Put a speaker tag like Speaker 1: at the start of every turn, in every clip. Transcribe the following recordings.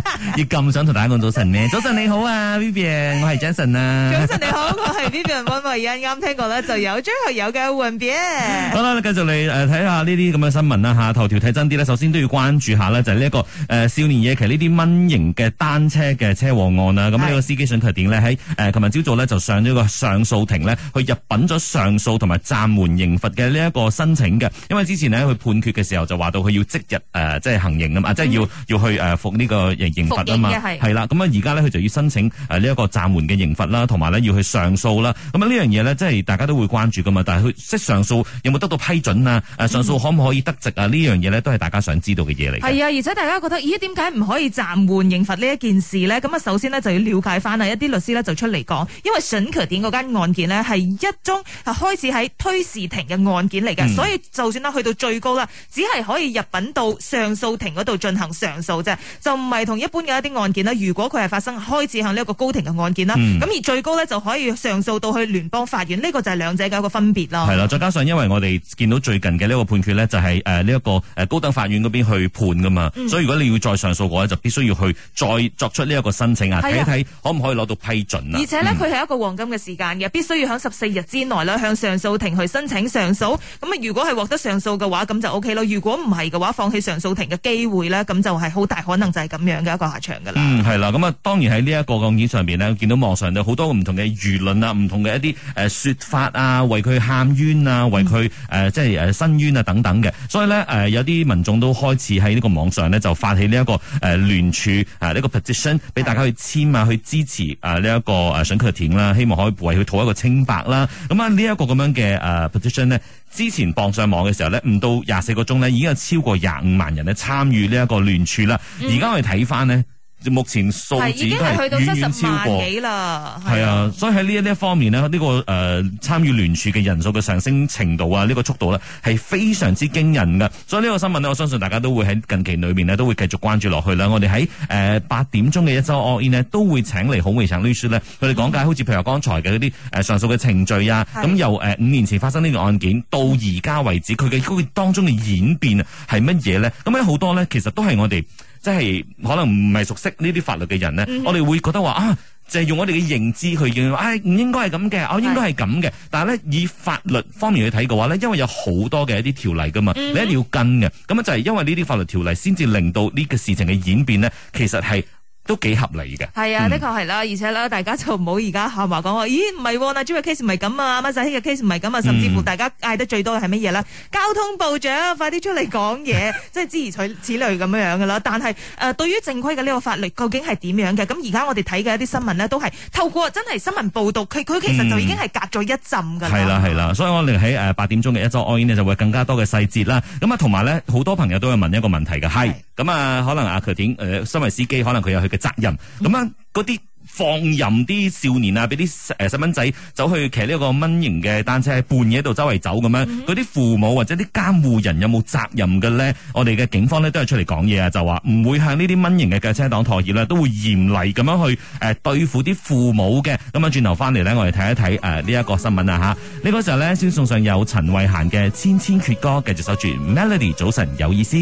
Speaker 1: 要咁想同大家講早晨咩？早晨你好啊 ，Vivian，我係 Jason 啊。早晨你好，我係
Speaker 2: Vivian 溫慧欣，啱聽過咧就有，最後有嘅
Speaker 1: Vivian。好啦，繼續嚟誒睇下呢啲咁嘅新聞啦吓，頭條睇真啲咧，首先都要關注下呢，就呢、是、一、這個誒、呃、少年野騎呢啲蚊型嘅單車嘅車禍案啊。咁呢個司機想佢點呢，喺誒琴日朝早呢，就上咗個上訴庭呢，去入禀咗上訴同埋暫緩刑罰嘅呢一個申請嘅。因為之前呢，佢判決嘅時候就話到佢要即日誒、呃、即係行刑、嗯、啊嘛，即係要要去誒、呃、服呢、這個。刑罰啊嘛，係啦，咁啊而家呢，佢就要申請誒呢一個暫緩嘅刑罰啦，同埋呢要去上訴啦。咁啊呢樣嘢呢，即係大家都會關注噶嘛。但係佢即係上訴有冇得到批准啊？上訴可唔可以得直啊？呢、嗯、樣嘢呢，都係大家想知道嘅嘢嚟。係
Speaker 2: 啊，而且大家覺得咦，點解唔可以暫緩刑罰呢一件事呢？咁啊，首先呢，就要了解翻啊，一啲律師呢，就出嚟講，因為沈其點嗰間案件呢，係一宗開開始喺推事庭嘅案件嚟嘅、嗯，所以就算呢，去到最高啦，只係可以入禀到上訴庭嗰度進行上訴啫，就唔係同。同一般嘅一啲案件咧，如果佢係發生開始向呢一個高庭嘅案件啦，咁、嗯、而最高呢，就可以上訴到去聯邦法院，呢、這個就係兩者嘅一個分別啦。係啦，
Speaker 1: 再加上因為我哋見到最近嘅呢一個判決呢，就係誒呢一個誒高等法院嗰邊去判噶嘛、嗯，所以如果你要再上訴嘅話，就必須要去再作出呢一個申請啊，睇睇可唔可以攞到批准啊。而且呢，
Speaker 2: 佢係一個黃金嘅時間嘅，必須要喺十四日之內呢，向上訴庭去申請上訴。咁啊，如果係獲得上訴嘅話，咁就 OK 咯。如果唔係嘅話，放棄上訴庭嘅機會呢，咁就係好大可能就係咁樣嘅一個下
Speaker 1: 場噶啦，嗯，係啦，咁啊，當然喺呢一個案件上邊咧，見到網上有好多唔同嘅輿論啊，唔同嘅一啲誒説法啊，為佢喊冤啊，為佢誒即係誒申冤啊等等嘅，所以呢，誒、呃、有啲民眾都開始喺呢個網上呢，就發起呢、這、一個誒聯、呃、署誒呢、啊這個 petition 俾大家去簽啊，去支持啊呢一、這個誒選區填啦，希望可以為佢討一個清白啦，咁啊呢一個咁樣嘅誒 petition 呢。之前放上網嘅時候咧，唔到廿四個鐘咧，已經有超過廿五萬人咧參與這聯署、嗯、呢一個聯署啦。而家我哋睇返咧。目前數字都係遠遠超過，已
Speaker 2: 經係去到七
Speaker 1: 十幾啦，係啊！所以喺呢一啲方面呢，呢、呢個誒、呃、參與聯署嘅人數嘅上升程度啊，呢、呢個速度呢，係非常之驚人嘅。所以呢個新聞呢，我相信大家都會喺近期裏面呢，都會繼續關注落去啦。我哋喺誒八點鐘嘅一週案呢，都會請嚟好美長 Lucy 咧，佢哋講解、嗯、好似譬如話剛才嘅嗰啲誒上訴嘅程序啊，咁由誒五年前發生呢個案件到而家為止佢嘅嗰當中嘅演變係乜嘢呢？咁咧好多呢，其實都係我哋。即係可能唔係熟悉呢啲法律嘅人咧、嗯，我哋會覺得話啊，就係用我哋嘅認知去認為，唉、啊啊，唔應該係咁嘅，我應該係咁嘅。但係咧，以法律方面去睇嘅話咧，因為有好多嘅一啲條例噶嘛、嗯，你一定要跟嘅。咁啊，就係因為呢啲法律條例先至令到呢個事情嘅演變咧，其實係。都幾合理嘅，係
Speaker 2: 啊、嗯，的確係啦，而且啦，大家就唔好而家下話講話，咦唔係嗱，朱偉 case 唔係咁啊，乜曬嘅 case 唔係咁啊，甚至乎大家嗌得最多係乜嘢啦？交通部長快啲出嚟講嘢，即係支持此類咁樣樣嘅啦。但係誒、呃，對於正規嘅呢個法律究竟係點樣嘅？咁而家我哋睇嘅一啲新聞呢，都係透過真係新聞報導，佢佢其實就已經係隔咗一陣㗎啦。係啦係
Speaker 1: 啦，所以我哋喺誒八點鐘嘅一週愛呢就會更加多嘅細節啦。咁啊，同埋呢，好多朋友都會問一個問題嘅，係咁啊，可能阿佢點誒身為司機，可能佢又去。責任咁樣，嗰啲放任啲少年啊，俾啲誒細蚊仔，走去騎呢個蚊型嘅單車，半夜度周圍走咁樣，嗰啲父母或者啲監護人有冇責任嘅咧？我哋嘅警方咧都係出嚟講嘢啊，就話唔會向呢啲蚊型嘅計車黨妥協啦，都會嚴厲咁樣去誒、呃、對付啲父母嘅。咁、呃這個，啊，轉頭返嚟咧，我哋睇一睇誒呢一個新聞啊吓。呢個時候咧，先送上由陳慧嫻嘅《千千闕歌》，繼續守住 Melody，早晨有意思。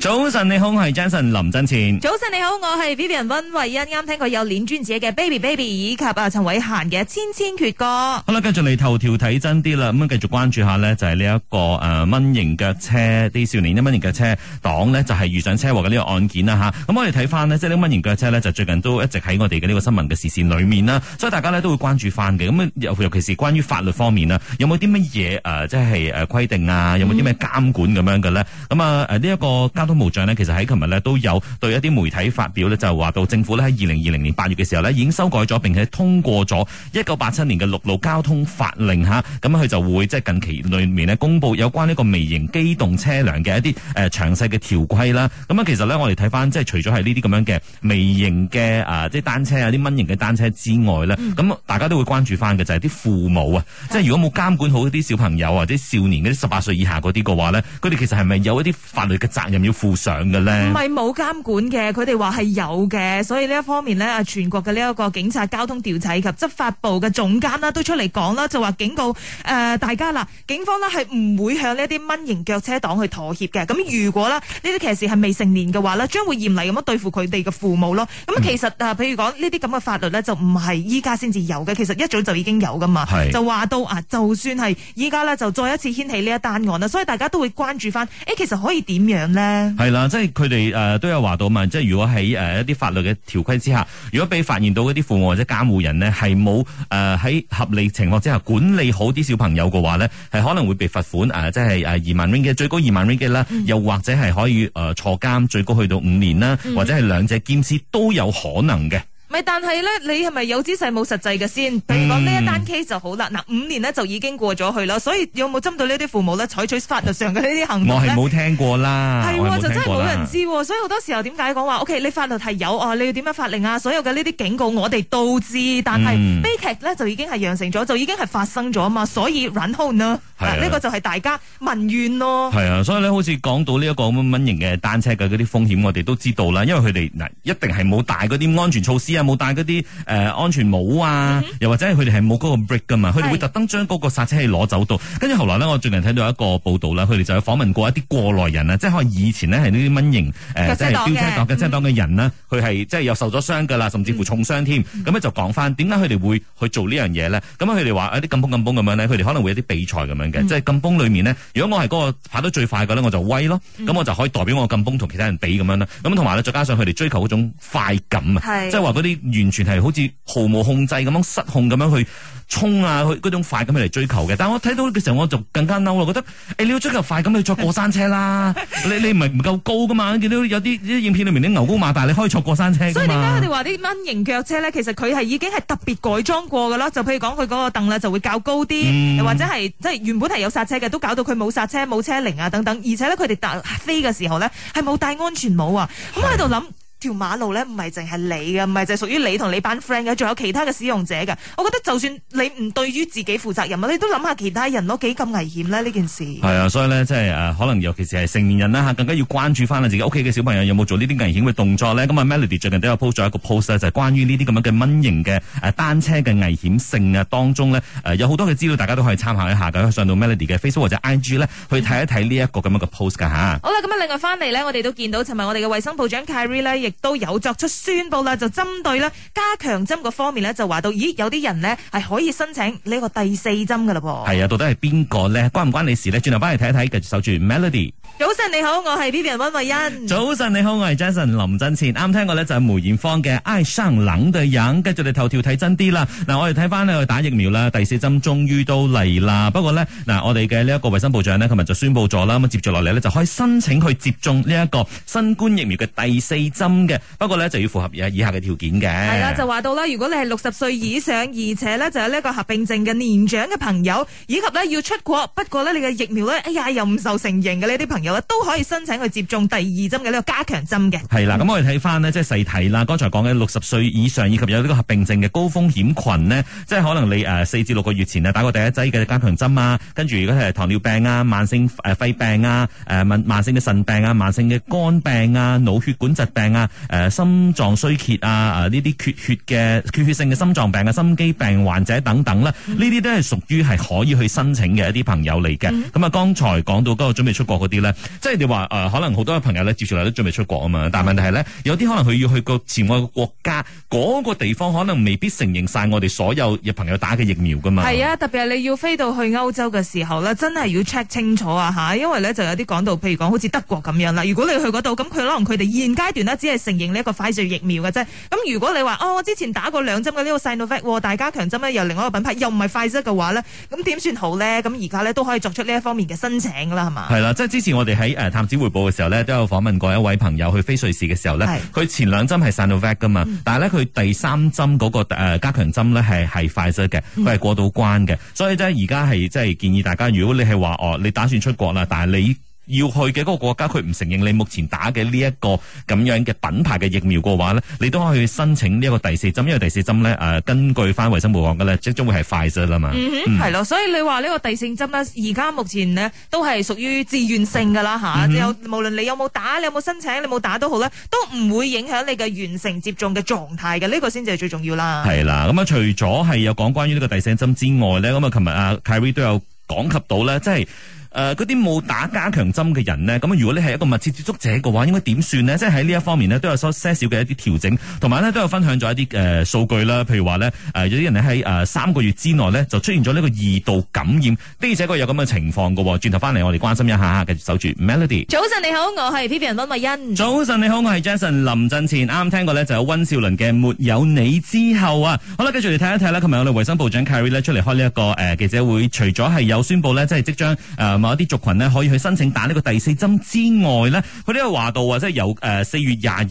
Speaker 1: 早晨，你好，我係 Jason 林真前。
Speaker 2: 早晨，你好，我係 Vivian 溫慧欣。啱聽過有臉專者嘅 Baby Baby，以及阿陳偉嫻嘅千千闕歌。
Speaker 1: 好啦，跟住嚟頭條睇真啲啦，咁啊繼續關注一下呢，就係呢一個誒蚊型腳車，啲少年一蚊型腳車黨呢，就係遇上車禍嘅呢個案件啦吓。咁我哋睇翻呢，即係呢蚊型腳車呢，就最近都一直喺我哋嘅呢個新聞嘅視線裏面啦。所以大家呢，都會關注翻嘅。咁尤其是關於法律方面啦，有冇啲乜嘢誒，即係誒規定啊？有冇啲咩監管咁樣嘅咧？咁啊誒呢一個監都冇障咧，其實喺琴日咧都有對一啲媒體發表咧，就係話到政府咧喺二零二零年八月嘅時候咧已經修改咗並且通過咗一九八七年嘅陸路交通法令嚇，咁佢就會即係近期裏面咧公布有關呢個微型機動車輛嘅一啲誒詳細嘅條規啦。咁樣其實呢，我哋睇翻即係除咗係呢啲咁樣嘅微型嘅啊，即係單車啊啲蚊型嘅單車之外咧，咁、嗯、大家都會關注翻嘅就係、是、啲父母啊、嗯，即係如果冇監管好啲小朋友或者少年嗰啲十八歲以下嗰啲嘅話呢，佢哋其實係咪有一啲法律嘅責任要附上嘅咧，唔係
Speaker 2: 冇監管嘅，佢哋話係有嘅，所以呢一方面呢，啊全國嘅呢一個警察交通調查及執法部嘅總監啦，都出嚟講啦，就話警告誒、呃、大家啦，警方啦係唔會向呢啲蚊型腳車黨去妥協嘅。咁如果啦，呢啲騎士係未成年嘅話呢將會嚴厲咁樣對付佢哋嘅父母咯。咁其實啊，譬、嗯、如講呢啲咁嘅法律呢，就唔係依家先至有嘅，其實一早就已經有噶嘛。就話到啊，就算係依家啦，就再一次掀起呢一單案啦，所以大家都會關注翻、欸，其實可以點樣呢？
Speaker 1: 係啦，即係佢哋誒都有話到嘛，即係如果喺誒一啲法律嘅條規之下，如果俾發現到嗰啲父母或者監護人咧係冇誒喺合理情況之下管理好啲小朋友嘅話咧，係可能會被罰款誒，即係誒二萬 ringgit，最高二萬 ringgit 啦，又或者係可以誒坐監，最高去到五年啦，或者係兩者兼施都有可能嘅。
Speaker 2: 咪但係咧，你係咪有姿勢冇實際嘅先？譬、嗯、如講呢一單 case 就好啦，嗱五年咧就已經過咗去啦，所以有冇針對呢啲父母咧採取法律上嘅呢啲行動？我係冇
Speaker 1: 聽過啦，係 喎、啊、就真係冇人知
Speaker 2: 喎，所以好多時候點解講話 OK？你法律係有啊，你要點樣發令啊？所有嘅呢啲警告我哋都知，但係悲劇咧就已經係養成咗，就已經係發生咗啊嘛，所以忍痛啦。呢、啊，啊這個就係大家民
Speaker 1: 怨咯。係啊，所以咧，好似講到呢一個蚊型嘅單車嘅嗰啲風險，我哋都知道啦。因為佢哋嗱，一定係冇帶嗰啲安全措施啊，冇帶嗰啲誒安全帽啊，mm -hmm. 又或者佢哋係冇嗰個 brake 㗎嘛。佢哋會特登將嗰個煞車器攞走到。跟住後，後來呢，我最近睇到一個報導啦，佢哋就去訪問過一啲過來人啊，即係可能以前呢，係呢啲蚊型，誒、mm -hmm.，即係飆車黨嘅飆車黨嘅人呢，佢係即係又受咗傷㗎啦，甚至乎重傷添。咁、mm、咧 -hmm. 就講翻點解佢哋會去做呢樣嘢呢？咁佢哋話啊啲咁崩咁崩咁樣咧，佢哋可能會有啲比賽咁樣。即係禁崩裏面咧，如果我係嗰個跑得最快嘅，咧我就威咯，咁我就可以代表我禁崩同其他人比咁樣啦。咁同埋咧，再加上佢哋追求嗰種快感啊，係，即係話嗰啲完全係好似毫無控制咁樣失控咁樣去，衝啊！去嗰種快咁嚟追求嘅，但我睇到嘅時候我就更加嬲啦，我覺得、欸、你要追求快咁，你坐過山車啦！ 你你唔係唔夠高噶嘛？見到有啲啲影片裏面啲牛高馬大，你可以坐過山車嘛。所以點解佢哋
Speaker 2: 話啲蚊型腳車咧，其實佢係已經係特別改裝過噶啦？就譬如講佢嗰個凳咧就會較高啲、嗯，或者係即係原本係有剎車嘅，都搞到佢冇剎車、冇車鈴啊等等，而且呢，佢哋打飛嘅時候咧係冇戴安全帽啊！咁我喺度諗。條馬路咧唔係淨係你嘅，唔係淨係屬於你同你班 friend 嘅，仲有其他嘅使用者嘅。我覺得就算你唔對於自己負責任啊，你都諗下其他人都幾
Speaker 1: 咁危險呢，呢件事？係啊，所以呢，即係可能尤其是係成年人啦更加要關注翻啊自己屋企嘅小朋友有冇做呢啲危險嘅動作咧。咁、嗯、啊，Melody 最近都有 po 咗一個 post 咧，就係關於呢啲咁樣嘅蚊型嘅誒單車嘅危險性啊，當中呢、呃，有好多嘅資料，大家都可以參考一下嘅。上到 Melody 嘅 Facebook 或者 IG 咧、嗯，去睇一睇呢一個咁、嗯、樣嘅 post 噶。嚇。好
Speaker 2: 啦，咁啊另外翻嚟呢，我哋都見到尋日我哋嘅衞生部長 Kerry 咧，亦亦都有作出宣布啦，就針對啦加強針嗰方面咧，就話到，咦，有啲人咧係可以申請呢個第四針噶啦噃。
Speaker 1: 係啊，到底係邊個咧？關唔關你事咧？轉頭翻嚟睇一睇，繼續守住 Melody。
Speaker 2: 早晨你好，我係 Vivian 溫慧欣。
Speaker 1: 早晨你好，我係 Jason 林振前。啱聽過呢，就係梅艷芳嘅《愛上冷的人》，跟住你哋頭條睇真啲啦。嗱，我哋睇翻呢，打疫苗啦，第四針終於都嚟啦。不過呢，嗱，我哋嘅呢一個衛生部長呢，琴日就宣佈咗啦。咁接住落嚟呢，就可以申請去接種呢一個新冠疫苗嘅第四針嘅。不過呢，就要符合以下嘅條件嘅。係啦，就
Speaker 2: 話到啦，如果你係六十歲以上，而且呢，就有呢一個合併症嘅年長嘅朋友，以及呢，要出國，不過呢，你嘅疫苗呢，哎呀又唔受承認嘅呢啲朋有都可以申請去接種第二針嘅呢個加強針
Speaker 1: 嘅。係啦，咁我哋睇翻呢，即係細睇啦。剛才講嘅六十歲以上以及有呢個合併症嘅高風險群呢，即係可能你誒四至六個月前咧打過第一劑嘅加強針啊，跟住如果係糖尿病啊、慢性誒肺病啊、誒慢性嘅腎病啊、慢性嘅肝病啊、腦血管疾病啊、誒心臟衰竭啊、啊呢啲缺血嘅缺血性嘅心臟病啊、心肌病患者等等啦，呢啲都係屬於係可以去申請嘅一啲朋友嚟嘅。咁、嗯、啊，剛才講到嗰個準備出國嗰啲咧。即係你話誒、呃，可能好多朋友咧接住嚟都準備出國啊嘛，但係問題係咧，有啲可能佢要去前個前外國家嗰、嗰個地方，可能未必承認晒我哋所有嘅朋友打嘅疫苗噶嘛。係
Speaker 2: 啊，特別係你要飛到去歐洲嘅時候呢，真係要 check 清楚啊吓，因為咧就有啲講到，譬如講好似德國咁樣啦，如果你去嗰度咁，佢可能佢哋現階段咧只係承認呢一個輝瑞疫苗嘅啫。咁如果你話哦，之前打過兩針嘅呢個 Sinovac，打加強針咧又另外一個品牌，又唔係輝瑞嘅話呢，咁點算好呢？咁而家咧都可以作出呢一方面嘅申請噶啦，係嘛？係
Speaker 1: 啦、啊，即係之前。我哋喺誒探子回報嘅時候咧，都有訪問過一位朋友去飛瑞士嘅時候咧，佢前兩針係 Sinovac 嘅嘛，但係咧佢第三針嗰個加強針咧係係快劑嘅，佢、嗯、係過到關嘅，所以呢，而家係即係建議大家，如果你係話哦，你打算出國啦，但係你。要去嘅嗰個國家，佢唔承認你目前打嘅呢一個咁樣嘅品牌嘅疫苗嘅話咧，你都可以申請呢一個第四針，因為第四針咧誒，根據翻衞生部講嘅咧，即將會係快啲啦嘛。嗯哼，係咯，是，
Speaker 2: 嗯、所以你話呢個第四針咧，而家目前呢都係屬於自願性嘅啦嚇。即有無論你有冇打，你有冇申請，你冇打都好咧，都唔會影響你嘅完成接種嘅狀態嘅。呢個先至係最重要啦。係
Speaker 1: 啦，咁啊，除咗係有講關於呢個第四針之外咧，咁啊，琴日啊，泰瑞都有講及到咧，即係。誒、呃，嗰啲冇打加強針嘅人呢，咁如果你係一個密切接觸者嘅話，應該點算呢？即係喺呢一方面呢，都有些少嘅一啲調整，同埋呢都有分享咗一啲誒、呃、數據啦。譬如話呢，誒、呃、有啲人喺誒三個月之內呢就出現咗呢個二度感染，而且個有咁嘅情況嘅。轉頭翻嚟，我哋關心一下，繼續守住 Melody。早晨你好，我
Speaker 2: 係 P P R 温慧欣。早晨你好，我係 Jason
Speaker 1: 林振前。啱啱聽過呢，就有温兆倫嘅《沒有你之後》啊。好啦，繼續嚟睇一睇啦，琴日我哋衞生部長 Carrie 呢出嚟開呢、這、一個誒、呃、記者會，除咗係有宣布呢，即係即將誒。呃某一啲族群咧可以去申請打呢個第四針之外呢，佢呢個話到，啊，即係由誒四月廿二號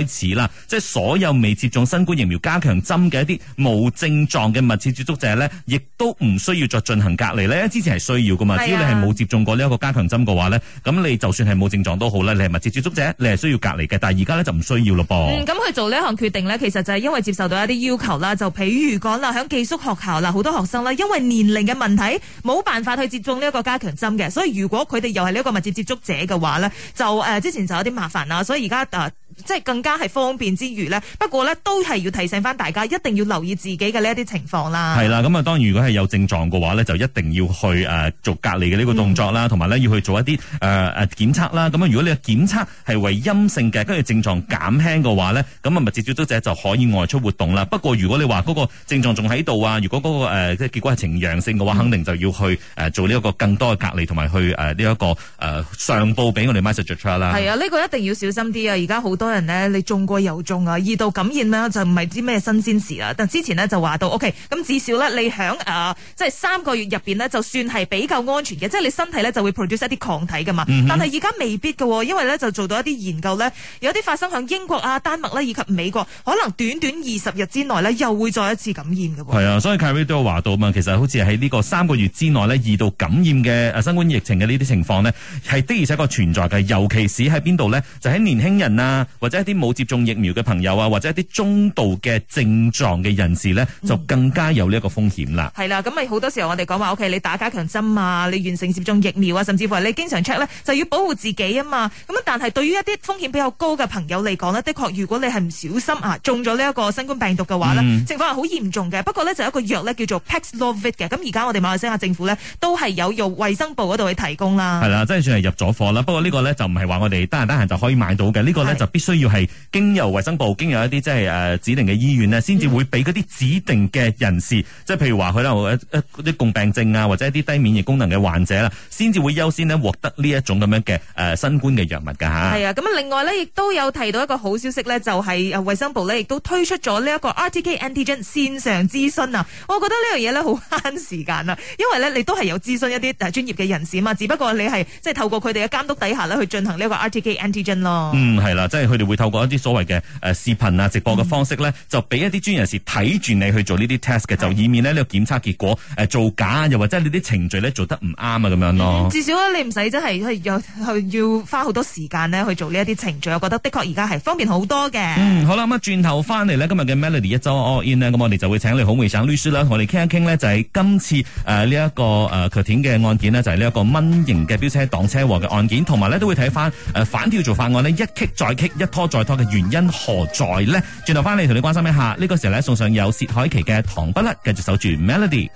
Speaker 1: 開始啦，即係所有未接種新冠疫苗加強針嘅一啲冇症狀嘅密切接觸者呢，亦都唔需要再進行隔離。呢之前係需要噶嘛，只要你係冇接種過呢一個加強針嘅話呢，咁你就算係冇症狀都好咧，你係密切接觸者，你係需要隔離嘅，但係而家呢，就唔需要咯噃。嗯，
Speaker 2: 咁佢做呢項決定呢，其實就係因為接受到一啲要求啦，就譬如講啦，響寄宿學校嗱，好多學生咧，因為年齡嘅問題，冇辦法去接種呢一個加強針。咁嘅，所以如果佢哋又係呢一個密切接觸者嘅話咧，就誒、呃、之前就有啲麻煩啦，所以而家誒。呃即係更加係方便之餘呢，不過呢都係要提醒翻大家，一定要留意自己嘅呢一啲情況啦。係
Speaker 1: 啦，咁啊，當然，如果係有症狀嘅話呢，就一定要去誒做隔離嘅呢個動作啦，同埋呢要去做一啲誒誒檢測啦。咁啊，如果你嘅檢測係為陰性嘅，跟住症狀減輕嘅話呢，咁、嗯、啊密切接觸者就可以外出活動啦。不過如果你話嗰個症狀仲喺度啊，如果嗰、嗰個即係、呃、結果係呈陽性嘅話、嗯，肯定就要去誒、呃、做呢一個更多嘅隔離，同埋去誒呢一個誒、呃、上報俾我哋 MySurgery 啦。係啊，呢、
Speaker 2: 呢個一定要小心啲啊！而家好多。人咧，你中過又中啊！二度感染呢，就唔係啲咩新鮮事啦。但之前呢就，就話到，OK，咁至少呢，你喺誒，即、啊、係、就是、三個月入邊呢，就算係比較安全嘅，即、就、係、是、你身體呢，就會 produce 一啲抗體嘅嘛。嗯、但係而家未必嘅、哦，因為呢，就做到一啲研究呢，有啲發生響英國啊、丹麥咧、啊、以及美國，可能短短二十日之內呢，又會再一次感染嘅喎、哦。係啊，
Speaker 1: 所以 Carrie 都有話到嘛，其實好似喺呢個三個月之內呢，二度感染嘅新冠疫情嘅呢啲情況呢，係的而且確存在嘅，尤其是喺邊度呢？就喺年輕人啊。或者一啲冇接種疫苗嘅朋友啊，或者一啲中度嘅症狀嘅人士呢，就更加有呢一個風險啦。係、
Speaker 2: 嗯、啦，咁咪好多時候我哋講話，OK，你打加強針啊，你完成接種疫苗啊，甚至乎你經常 check 呢，就要保護自己啊嘛。咁但係對於一啲風險比較高嘅朋友嚟講呢，的確如果你係唔小心啊，中咗呢一個新冠病毒嘅話呢、嗯，情況係好嚴重嘅。不過呢，就有一個藥呢叫做 Paxlovid 嘅。咁而家我哋馬來西亞政府呢，都係有用衛生部嗰度去提供啦。係
Speaker 1: 啦，真係算係入咗貨啦。不過呢個呢，就唔係話我哋得閒得閒就可以買到嘅，呢、這個呢，就必須。需要係經由衛生部經由一啲即係誒指定嘅醫院呢，先至會俾嗰啲指定嘅人士，即、嗯、係譬如話佢啦一啲共病症啊，或者一啲低免疫功能嘅患者啦，先至會優先呢獲得呢一種咁樣嘅誒新冠嘅藥物㗎嚇。係
Speaker 2: 啊，咁另外呢，亦都有提到一個好消息呢，就係、是、衛衛生部呢亦都推出咗呢一個 RTK antigen 線上諮詢啊。我覺得呢樣嘢呢好慳時間啊，因為呢你都係有諮詢一啲專專業嘅人士啊嘛，只不過你係即係透過佢哋嘅監督底下呢去進行呢個 RTK antigen 咯。
Speaker 1: 嗯，係啦、啊，即係去。我哋會透過一啲所謂嘅誒視頻啊、直播嘅方式咧、嗯，就俾一啲專業人士睇住你去做呢啲 test 嘅、嗯，就以免咧呢、呢個檢測結果誒、呃、做假，又或者你啲程序咧做得唔啱啊咁樣咯。至
Speaker 2: 少你唔使真係去要，要花好多時間呢去做呢一啲程序，我覺得的確而家係方便好多嘅。
Speaker 1: 嗯，好啦，咁啊轉頭翻嚟呢今日嘅 Melody 一周 all in 咧，咁我哋就會請你好梅省律師啦，同我哋傾一傾呢，就係、是、今次誒呢一個誒 c 嘅案件呢，就係呢一個蚊型嘅飆車擋車禍嘅案件，同埋咧都會睇翻誒反跳做法案呢，一 k 再 k 一揭再揭。拖再拖嘅原因何在呢？轉頭翻嚟同你關心一下，呢個時候咧送上有薛凱琪嘅《糖不甩》，繼續守住 melody。